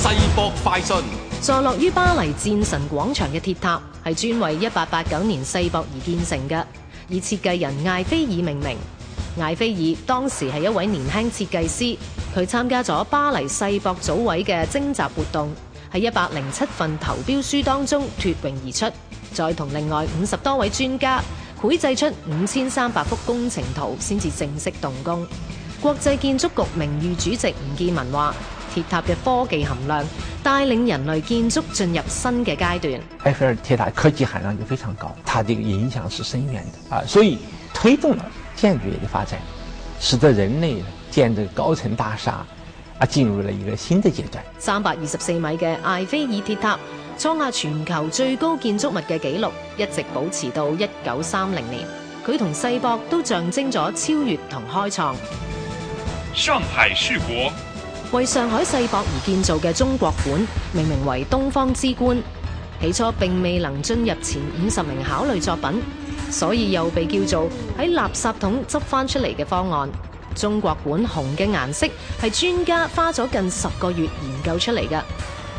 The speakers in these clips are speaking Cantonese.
世博快訊：坐落於巴黎戰神廣場嘅鐵塔，係專為一八八九年世博而建成嘅，以設計人艾菲爾命名。艾菲爾當時係一位年輕設計師，佢參加咗巴黎世博組委嘅徵集活動，喺一百零七份投標書當中脫穎而出，再同另外五十多位專家繪製出五千三百幅工程圖，先至正式動工。國際建築局名譽主席吳建民話。鐵塔嘅科技含量帶領人類建築進入新嘅階段。埃菲爾鐵塔科技含量就非常高，它嘅影響是深遠的啊，所以推動了建築業嘅發展，使得人類建這個高層大廈啊進入了一個新的階段。三百二十四米嘅埃菲爾鐵塔創下全球最高建築物嘅紀錄，一直保持到一九三零年。佢同世博都象徵咗超越同開創。上海世博。為上海世博而建造嘅中國館，命名為東方之冠，起初並未能進入前五十名考慮作品，所以又被叫做喺垃圾桶執翻出嚟嘅方案。中國館紅嘅顏色係專家花咗近十個月研究出嚟嘅。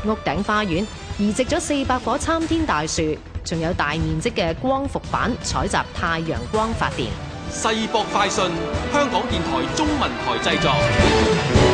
屋頂花園移植咗四百棵參天大樹，仲有大面積嘅光伏板採集太陽光發電。世博快訊，香港電台中文台製作。